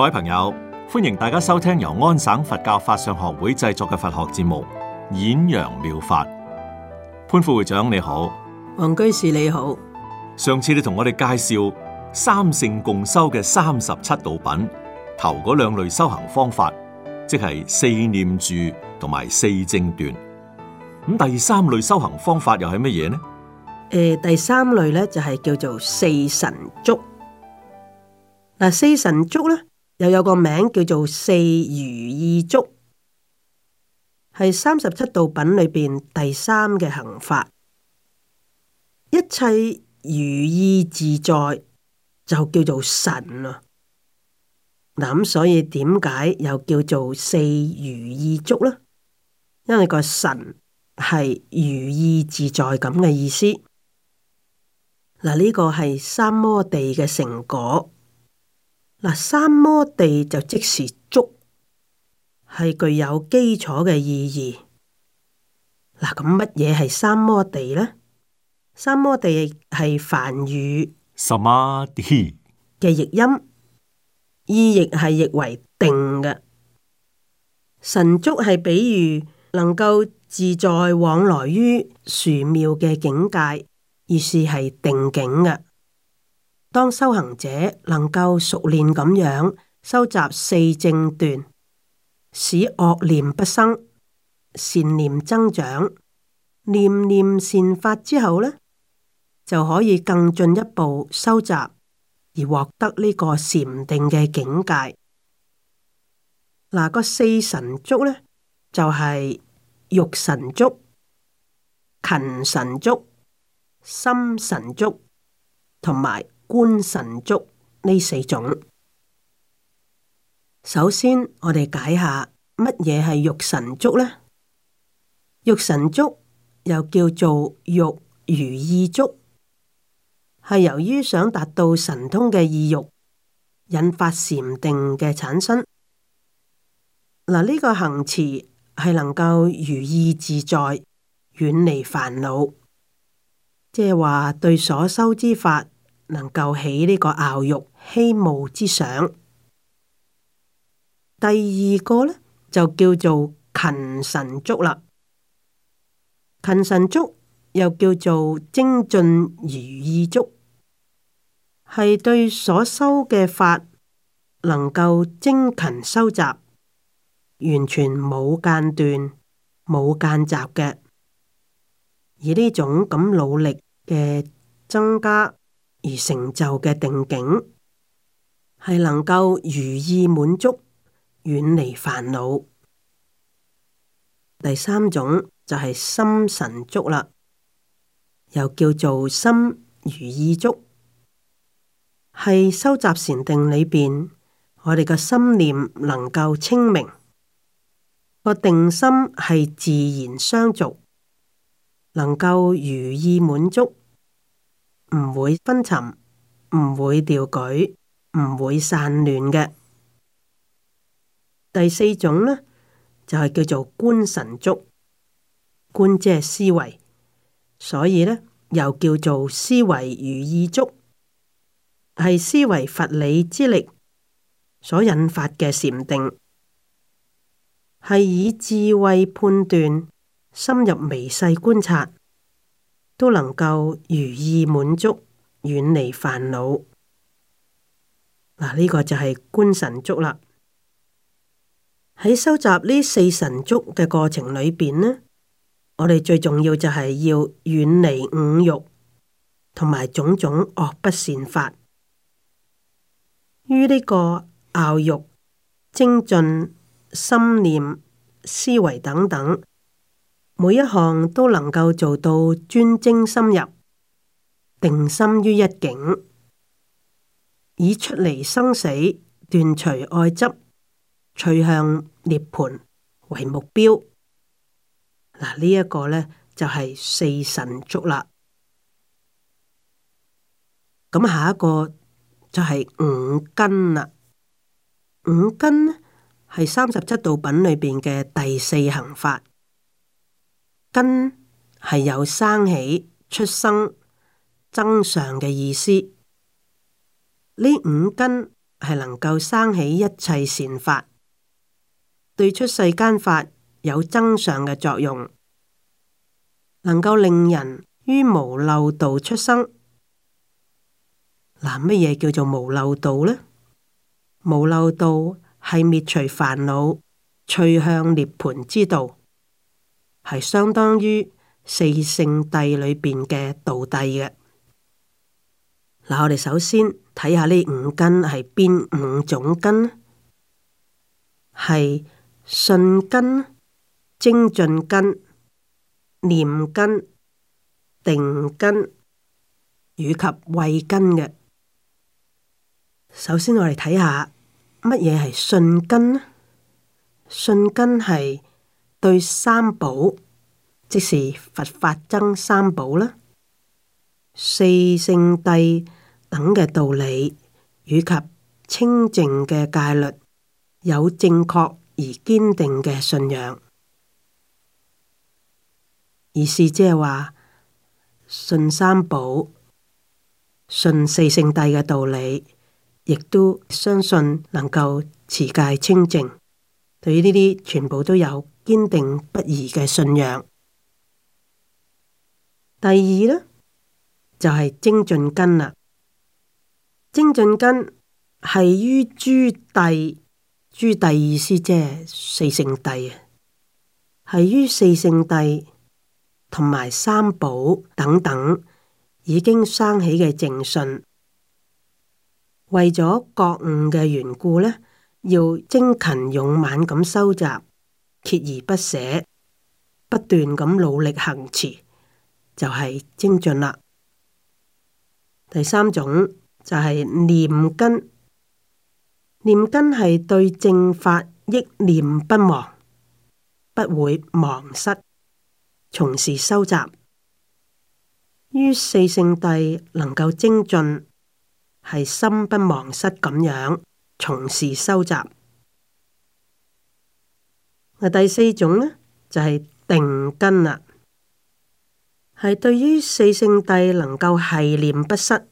各位朋友，歡迎大家收聽由安省佛教法相學會製作嘅佛學節目《演揚妙法》。潘副會長你好，王居士你好。上次你同我哋介紹三乘共修嘅三十七道品頭嗰兩類修行方法，即係四念住同埋四正斷。咁第三類修行方法又係乜嘢呢？誒、呃，第三類咧就係、是、叫做四神足。嗱，四神足咧。又有個名叫做四如意足，係三十七道品裏邊第三嘅行法。一切如意自在就叫做神咯。咁，所以點解又叫做四如意足呢？因為個神係如意自在咁嘅意思。嗱，呢個係三摩地嘅成果。嗱，三摩地就即是足，係具有基礎嘅意義。嗱，咁乜嘢係三摩地呢？三摩地係梵語嘅譯音，意譯係譯為定嘅。神足係比喻能夠自在往來於殊妙嘅境界，意思係定境嘅。當修行者能夠熟練咁樣修習四正斷，使惡念不生，善念增長，念念善法之後呢就可以更進一步修習，而獲得呢個禪定嘅境界。嗱、那，個四神足呢，就係、是、欲神足、勤神足、心神足同埋。觀神足呢四種，首先我哋解下乜嘢係欲神足呢？欲神足又叫做欲如意足，係由於想達到神通嘅意欲，引發禪定嘅產生。嗱，呢個行持係能夠如意自在，遠離煩惱，即係話對所修之法。能夠起呢個傲欲希慕之想。第二個呢，就叫做勤神足啦，勤神足又叫做精進如意足，係對所修嘅法能夠精勤修習，完全冇間斷、冇間雜嘅，而呢種咁努力嘅增加。而成就嘅定境，係能夠如意滿足，遠離煩惱。第三種就係心神足啦，又叫做心如意足，係收集禪定裏邊，我哋嘅心念能夠清明，個定心係自然相續，能夠如意滿足。唔會昏沉，唔會掉舉，唔會散亂嘅。第四種呢，就係叫做觀神足，觀即係思維，所以呢，又叫做思維如意足，係思維佛理之力所引發嘅禪定，係以智慧判斷，深入微細觀察。都能夠如意滿足，遠離煩惱。嗱、啊，呢、這個就係觀神足啦。喺收集呢四神足嘅過程裏邊呢，我哋最重要就係要遠離五欲，同埋種種惡不善法，於呢個傲欲、精進、心念、思維等等。每一項都能夠做到專精深入，定心於一境，以出離生死、斷除愛執、趨向涅盤為目標。嗱、這個，呢一個咧就係、是、四神足啦。咁下一個就係五根啦。五根呢係三十七道品裏邊嘅第四行法。根係有生起、出生、增上嘅意思。呢五根係能夠生起一切善法，對出世間法有增上嘅作用，能夠令人於無漏道出生。嗱、啊，乜嘢叫做無漏道呢？無漏道係滅除煩惱、趣向涅槃之道。係相當於四聖諦裏邊嘅道諦嘅。嗱，我哋首先睇下呢五根係邊五種根，係信根、精進根、念根、定根以及慧根嘅。首先我哋睇下乜嘢係信根呢？信根係。對三寶，即是佛法僧三寶啦，四聖諦等嘅道理，以及清淨嘅戒律，有正確而堅定嘅信仰，意思即係話信三寶，信四聖諦嘅道理，亦都相信能夠持戒清淨。對於呢啲全部都有堅定不移嘅信仰。第二呢，就係、是、精進根啦。精進根係於諸諦、諸諦意思即係四聖諦啊，係於四聖諦同埋三寶等等已經生起嘅正信，為咗覺悟嘅緣故呢。要精勤勇猛咁收集，鍥而不捨，不斷咁努力行持，就係精進啦。第三種就係念根，念根係對正法憶念不忘，不會忘失，從事收集，於四聖諦能夠精進，係心不忘失咁樣。從事收集。第四種呢，就係、是、定根啦、啊，係對於四聖諦能夠係念不失，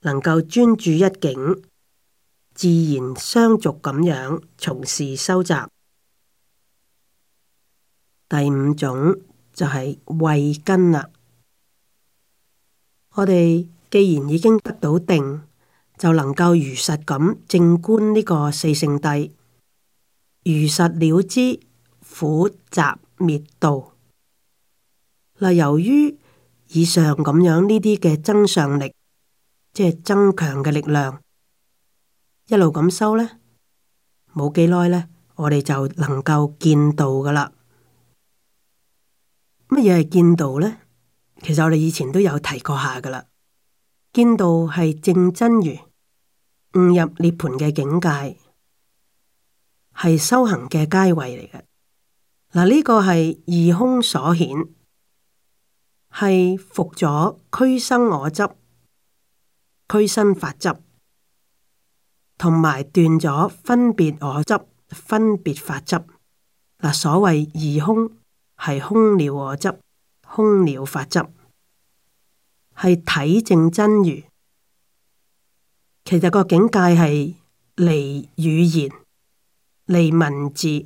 能夠專注一境，自然相續咁樣從事收集。第五種就係慧根啦、啊。我哋既然已經得到定。就能夠如實咁正觀呢個四聖諦，如實了知，苦集滅道。嗱，由於以上咁樣呢啲嘅增上力，即係增強嘅力量，一路咁修呢，冇幾耐呢，我哋就能夠見到噶啦。乜嘢係見到呢？其實我哋以前都有提過下噶啦。見到係正真如悟入涅槃嘅境界，係修行嘅階位嚟嘅。嗱，呢個係二空所顯，係伏咗俱生我執、俱生法執，同埋斷咗分別我執、分別法執。嗱，所謂二空，係空了我執、空了法執。係體證真如，其實個境界係離語言、離文字，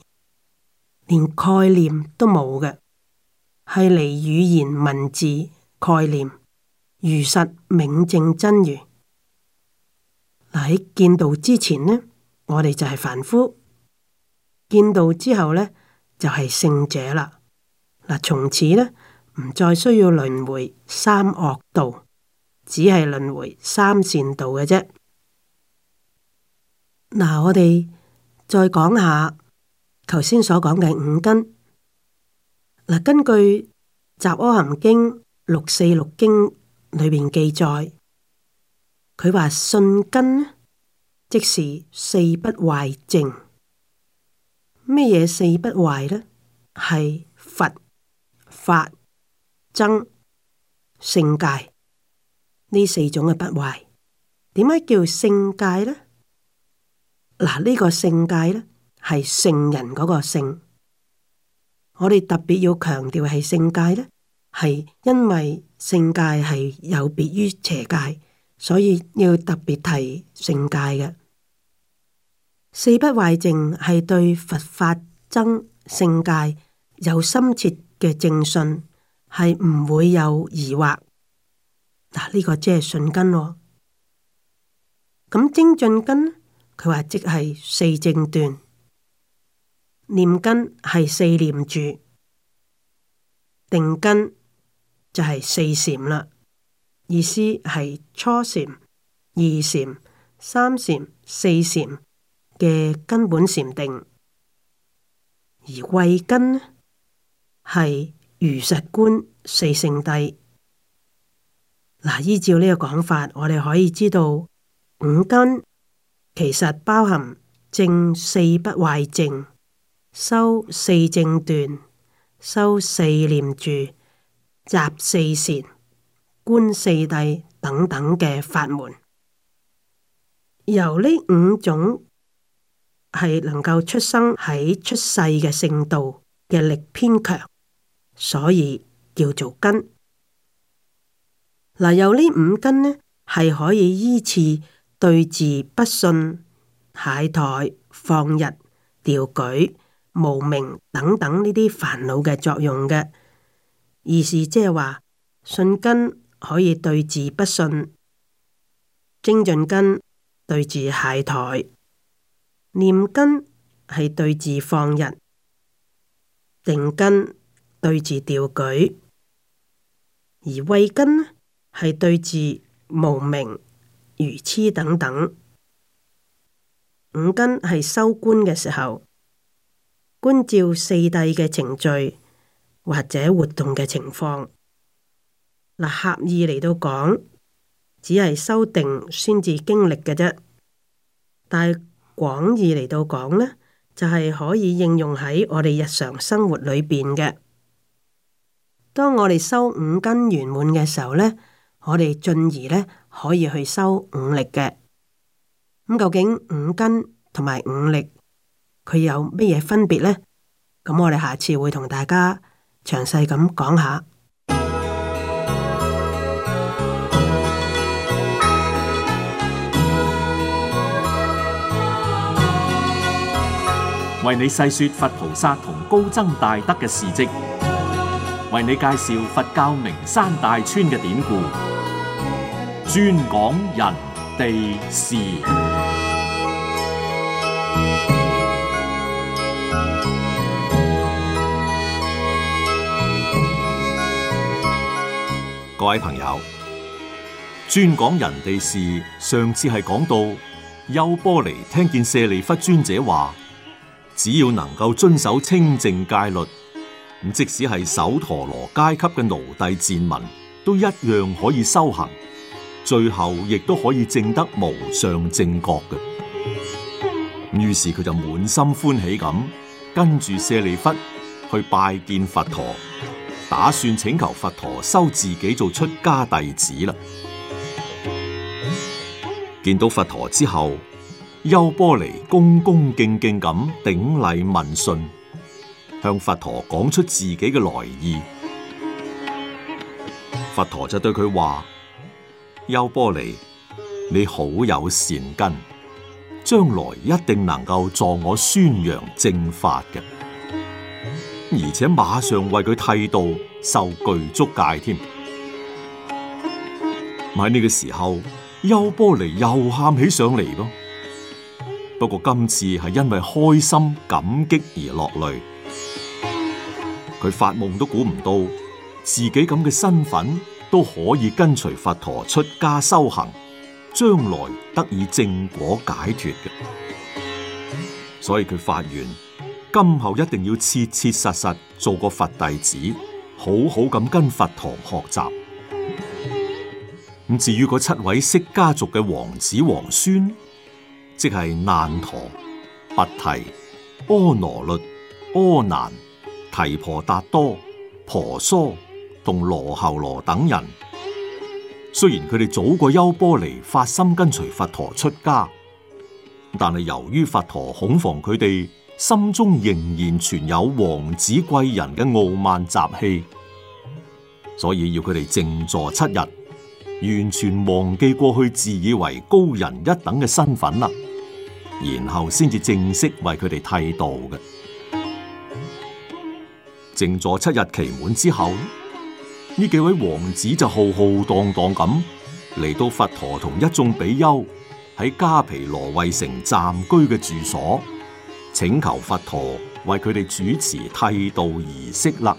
連概念都冇嘅，係離語言、文字、概念如實名證真如。嗱、啊、喺見道之前呢，我哋就係凡夫；見道之後呢，就係、是、聖者啦。嗱、啊，從此呢，唔再需要輪迴三惡道，只係輪迴三善道嘅啫。嗱，我哋再講下頭先所講嘅五根。嗱，根據《雜阿含經》六四六經裏面記載，佢話信根，即是四不壞淨。乜嘢四不壞呢？係佛法、僧聖戒呢四種嘅不壞，點解叫聖戒咧？嗱，呢個聖戒咧係聖人嗰個聖，我哋特別要強調係聖戒咧，係因為聖戒係有別於邪戒，所以要特別提聖戒嘅四不壞淨係對佛法僧聖戒有深切嘅正信。係唔會有疑惑？嗱、啊，呢、這個即係信根咯。咁精進根，佢話即係四正斷；念根係四念住；定根就係四禪啦。意思係初禪、二禪、三禪、四禪嘅根本禪定。而慧根係。如實觀四聖諦，嗱，依照呢個講法，我哋可以知道五根其實包含正四不壞淨、修四正斷、修四念住、集四善、觀四諦等等嘅法門。由呢五種係能夠出生喺出世嘅聖道嘅力偏強。所以叫做根。嗱、啊，有呢五根呢，係可以依次對治不信、懈怠、放逸、掉舉、無明等等呢啲煩惱嘅作用嘅。意思即係話，信根可以對治不信，精進根對治懈怠，念根係對治放逸，定根。對治掉舉，而慧根呢係對治無明愚癡，等等。五根係修觀嘅時候，觀照四諦嘅程序或者活動嘅情況。嗱、呃，狹義嚟到講，只係修定先至經歷嘅啫。但係廣義嚟到講呢，就係、是、可以應用喺我哋日常生活裏邊嘅。當我哋修五根圓滿嘅時候呢，我哋進而呢可以去修五力嘅。咁究竟五根同埋五力佢有咩嘢分別呢？咁我哋下次會同大家詳細咁講下。為你細說佛菩薩同高僧大德嘅事蹟。為你介紹佛教名山大川嘅典故，專講人地事。各位朋友，專講人地事，上次係講到優波離聽見舍利弗尊者話，只要能夠遵守清淨戒律，即使係首陀羅階級嘅奴隸賤民，都一樣可以修行，最後亦都可以證得無上正覺嘅。咁於是佢就滿心歡喜咁跟住舍利弗去拜見佛陀，打算請求佛陀收自己做出家弟子啦。見到佛陀之後，優波離恭恭敬敬咁頂禮問訊，向佛陀講出自己嘅來意，佛陀就對佢話：優波離，你好有善根，將來一定能夠助我宣揚正法嘅，而且馬上為佢剃度受具足戒添。喺呢個時候，優波離又喊起上嚟咯，不過今次係因為開心感激而落淚。佢發夢都估唔到自己咁嘅身份都可以跟隨佛陀出家修行，將來得以正果解脫嘅。所以佢發願，今後一定要切切實實做，做個佛弟子，好好咁跟佛陀學習。咁至於嗰七位釋迦族嘅王子王孫，即係難陀、跋提、波羅律、阿難。提婆達多、婆娑同羅喉羅等人，雖然佢哋早過優波離發心跟隨佛陀出家，但係由於佛陀恐防佢哋心中仍然存有王子貴人嘅傲慢習氣，所以要佢哋靜坐七日，完全忘記過去自以為高人一等嘅身份啦，然後先至正式為佢哋剃度嘅。靜坐七日期滿之後，呢幾位王子就浩浩蕩蕩咁嚟到佛陀同一眾比丘喺加皮羅衛城暫居嘅住所，請求佛陀為佢哋主持剃度儀式啦。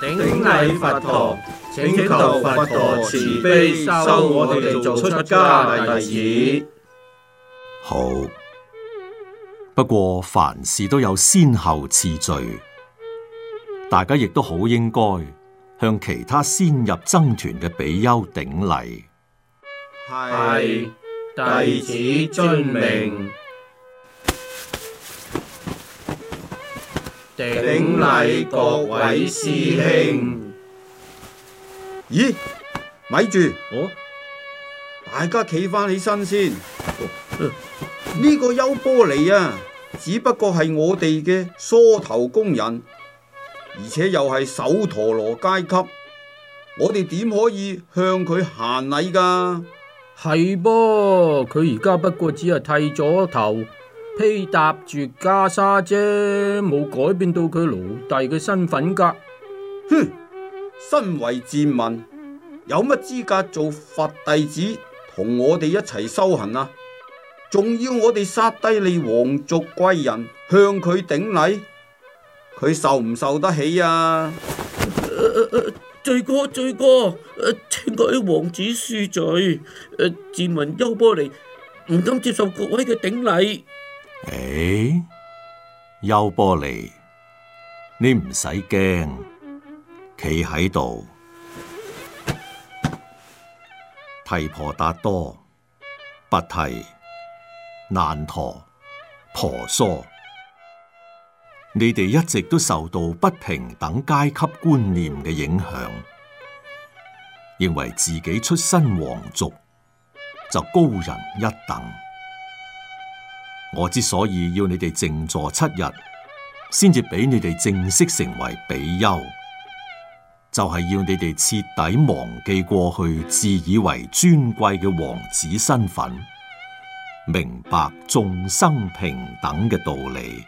頂禮佛陀。請求佛陀慈悲收我哋做出家弟子。好，不過凡事都有先後次序，大家亦都好應該向其他先入僧團嘅比丘頂禮。係弟子遵命，頂禮各位師兄。咦，咪住我，哦、大家企翻起身先。呢、哦呃、個優波離啊，只不過係我哋嘅梳頭工人，而且又係首陀羅階級，我哋點可以向佢行禮噶？係噃，佢而家不過只係剃咗頭，披搭住袈裟啫，冇改變到佢奴隸嘅身份噶。哼！身為賤民，有乜資格做佛弟子，同我哋一齊修行啊？仲要我哋殺低你皇族貴人，向佢頂禮，佢受唔受得起啊、呃呃？罪過，罪過，呃，請各位王子恕罪。誒、呃，賤民優波離唔敢接受各位嘅頂禮。誒、欸，優波離，你唔使驚。企喺度，提婆達多、不提、難陀、婆娑，你哋一直都受到不平等階級觀念嘅影響，認為自己出身皇族就高人一等。我之所以要你哋靜坐七日，先至俾你哋正式成為比丘。就係要你哋徹底忘記過去，自以為尊貴嘅王子身份，明白眾生平等嘅道理。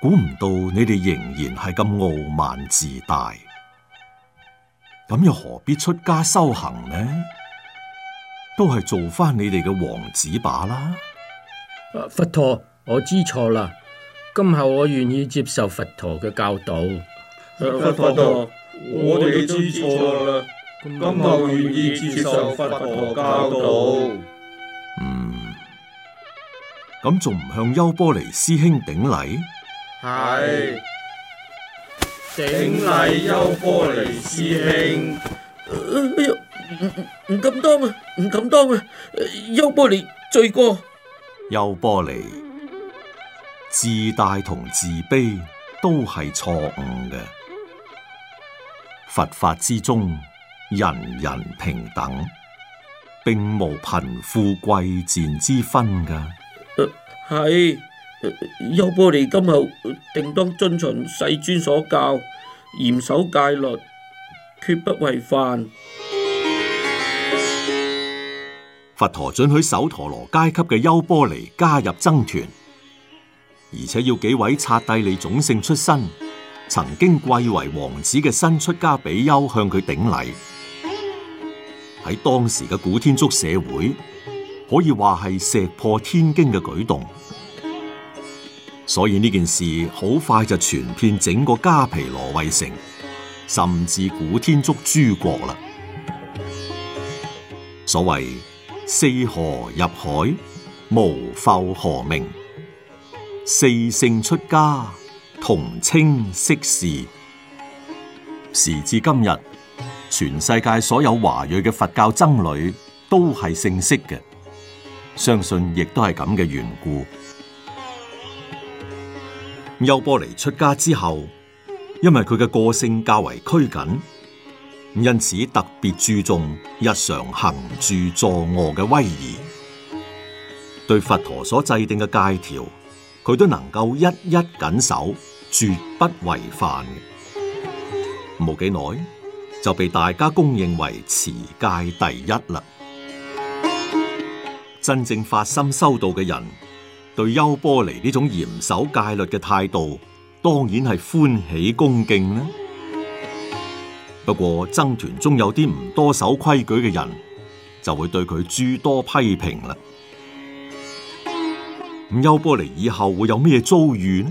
估唔到你哋仍然係咁傲慢自大，咁又何必出家修行呢？都係做翻你哋嘅王子罷啦。啊，佛陀，我知錯啦，今後我願意接受佛陀嘅教導。佛佛我哋都知錯啦，今後願意接受佛陀教導。嗯，咁仲唔向優波離師兄頂禮？係，頂禮優波離師兄。哎唔、呃呃、唔敢當啊，唔敢當啊，優、呃、波離罪過。優波離，自大同自卑都係錯誤嘅。佛法之中，人人平等，並無貧富貴賤之分㗎。係、呃，優波離今後定當遵從世尊所教，嚴守戒律，決不違犯。佛陀准許首陀羅階級嘅優波離加入僧團，而且要幾位剎帝利種姓出身。曾經貴為王子嘅新出家比丘向佢頂禮，喺當時嘅古天竺社會，可以話係石破天驚嘅舉動。所以呢件事好快就傳遍整個迦毗羅衛城，甚至古天竺諸國啦。所謂四河入海，無復河名；四姓出家。同稱釋氏，時至今日，全世界所有華裔嘅佛教僧侶都係姓釋嘅，相信亦都係咁嘅緣故。優波離出家之後，因為佢嘅個性較為拘謹，因此特別注重日常行住坐臥嘅威儀，對佛陀所制定嘅戒條，佢都能夠一一謹守。絕不違犯嘅，冇幾耐就被大家公認為持戒第一啦。真正發心修道嘅人，對優波離呢種嚴守戒律嘅態度，當然係歡喜恭敬啦。不過僧團中有啲唔多守規矩嘅人，就會對佢諸多批評啦。咁優波離以後會有咩遭遇呢？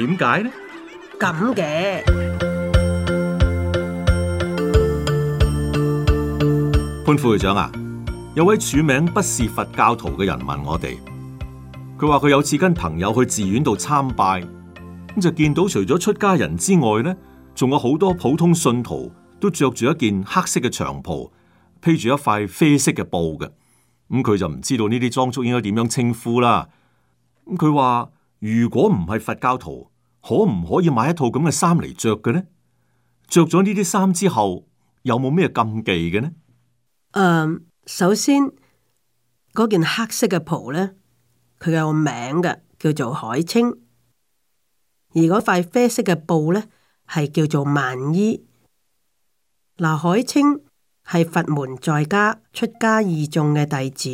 點解呢？咁嘅，潘副會長啊，有位署名不是佛教徒嘅人問我哋，佢話佢有次跟朋友去寺院度參拜，咁就見到除咗出家人之外咧，仲有好多普通信徒都着住一件黑色嘅長袍，披住一塊啡色嘅布嘅，咁佢就唔知道呢啲裝束應該點樣稱呼啦。咁佢話如果唔係佛教徒。可唔可以買一套咁嘅衫嚟着嘅呢？着咗呢啲衫之後，有冇咩禁忌嘅呢？嗯，um, 首先嗰件黑色嘅袍呢，佢有個名嘅，叫做海青；而嗰塊啡色嘅布呢，係叫做縵衣。嗱，海青係佛門在家出家義眾嘅弟子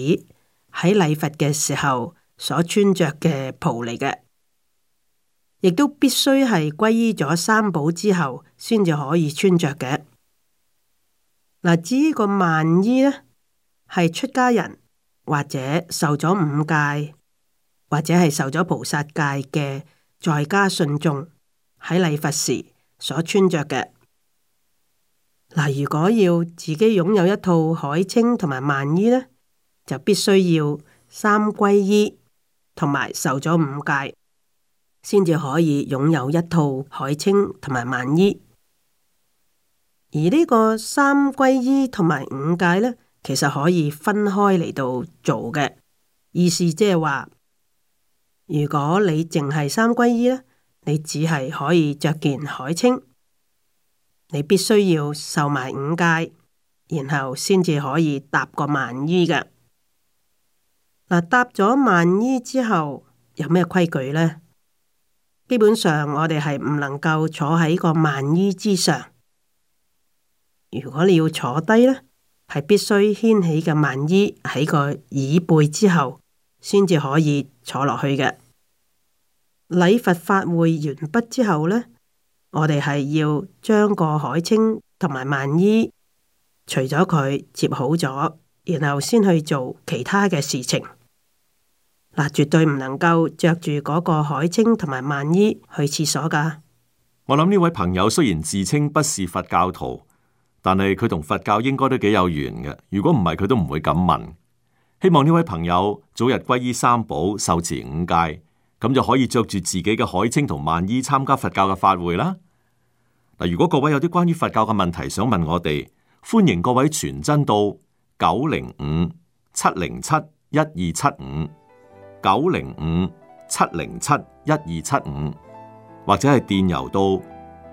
喺禮佛嘅時候所穿着嘅袍嚟嘅。亦都必須係皈依咗三寶之後，先至可以穿着嘅。嗱，至於個縵衣呢，係出家人或者受咗五戒或者係受咗菩薩戒嘅在家信眾喺禮佛時所穿着嘅。嗱，如果要自己擁有一套海青同埋縵衣呢，就必須要三皈依同埋受咗五戒。先至可以擁有一套海青同埋縵衣，而呢個三皈依同埋五戒呢，其實可以分開嚟到做嘅。意思即係話，如果你淨係三皈依呢，你只係可以着件海青，你必須要受埋五戒，然後先至可以搭個縵衣嘅。嗱、啊，搭咗縵衣之後，有咩規矩呢？基本上我哋係唔能夠坐喺個縵衣之上。如果你要坐低呢，係必須掀起嘅縵衣喺個椅背之後，先至可以坐落去嘅。禮佛法會完畢之後呢，我哋係要將個海青同埋縵衣除咗佢，接好咗，然後先去做其他嘅事情。嗱，絕對唔能夠着住嗰個海青同埋縵衣去廁所噶。我諗呢位朋友雖然自稱不是佛教徒，但係佢同佛教應該都幾有緣嘅。如果唔係，佢都唔會咁問。希望呢位朋友早日歸依三寶，受持五戒，咁就可以着住自己嘅海青同縵衣參加佛教嘅法會啦。嗱，如果各位有啲關於佛教嘅問題想問我哋，歡迎各位傳真到九零五七零七一二七五。九零五七零七一二七五，75，或者係電郵到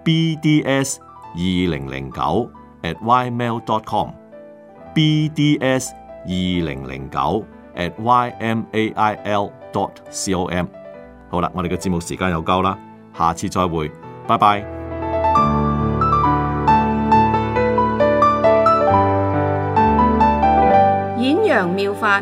bds 二零零九 @ymail.com，bds 二零零九 @ymail.com。好啦，我哋嘅節目時間又夠啦，下次再會，拜拜。演揚妙法。